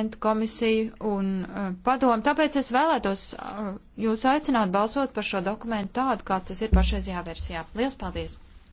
parlamentu komisiju un uh, padomu. Tāpēc es vēlētos uh, jūs aicināt balsot par šo dokumentu tādu, kāds tas ir pašreizajā versijā. Lielas paldies!